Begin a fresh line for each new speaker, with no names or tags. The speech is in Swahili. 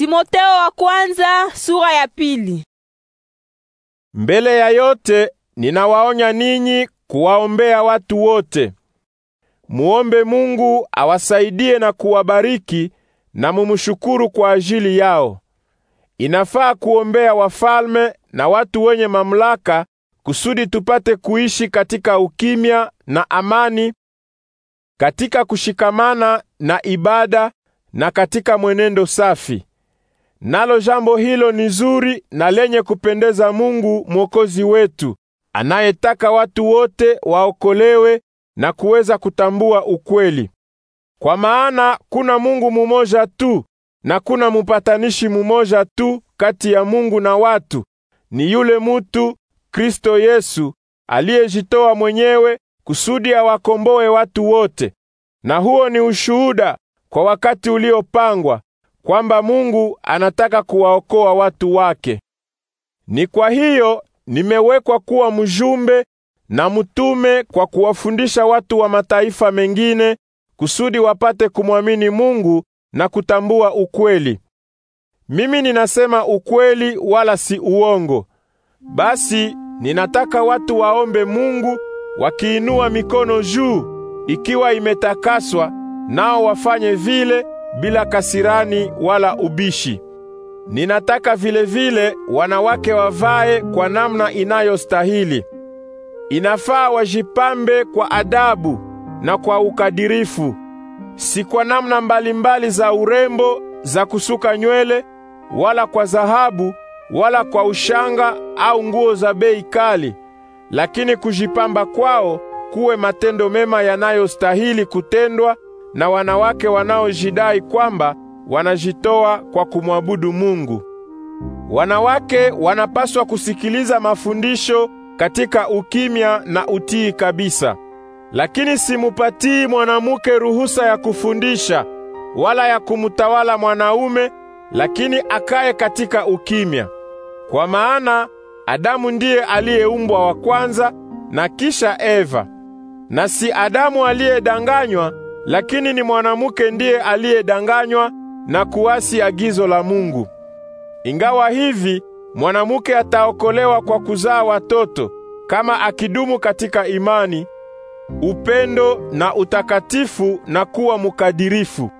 Timoteo wa kwanza sura ya pili. Mbele ya yote ninawaonya ninyi kuwaombea watu wote. Muombe Mungu awasaidie na kuwabariki na mumshukuru kwa ajili yao. Inafaa kuombea wafalme na watu wenye mamlaka kusudi tupate kuishi katika ukimya na amani, katika kushikamana na ibada na katika mwenendo safi. Nalo jambo hilo ni zuri na lenye kupendeza Mungu Mwokozi wetu, anayetaka watu wote waokolewe na kuweza kutambua ukweli. Kwa maana kuna Mungu mumoja tu na kuna mupatanishi mumoja tu kati ya Mungu na watu, ni yule mutu Kristo Yesu aliyejitoa mwenyewe kusudi awakomboe watu wote. Na huo ni ushuhuda kwa wakati uliopangwa, kwamba Mungu anataka kuwaokoa watu wake. Ni kwa hiyo nimewekwa kuwa mjumbe na mtume kwa kuwafundisha watu wa mataifa mengine kusudi wapate kumwamini Mungu na kutambua ukweli. Mimi ninasema ukweli wala si uongo. Basi ninataka watu waombe Mungu wakiinua mikono juu ikiwa imetakaswa, nao wafanye vile bila kasirani wala ubishi. Ninataka vilevile vile wanawake wavae kwa namna inayostahili. Inafaa wajipambe kwa adabu na kwa ukadirifu, si kwa namna mbalimbali za urembo za kusuka nywele wala kwa dhahabu wala kwa ushanga au nguo za bei kali, lakini kujipamba kwao kuwe matendo mema yanayostahili kutendwa na wanawake wanaojidai kwamba wanajitoa kwa kumwabudu Mungu. Wanawake wanapaswa kusikiliza mafundisho katika ukimya na utii kabisa. Lakini simupatii mwanamke ruhusa ya kufundisha wala ya kumtawala mwanaume, lakini akae katika ukimya. Kwa maana Adamu ndiye aliyeumbwa wa kwanza na kisha Eva. Na si Adamu aliyedanganywa lakini ni mwanamke ndiye aliyedanganywa na kuasi agizo la Mungu. Ingawa hivi, mwanamke ataokolewa kwa kuzaa watoto kama akidumu katika imani, upendo na utakatifu na kuwa mukadirifu.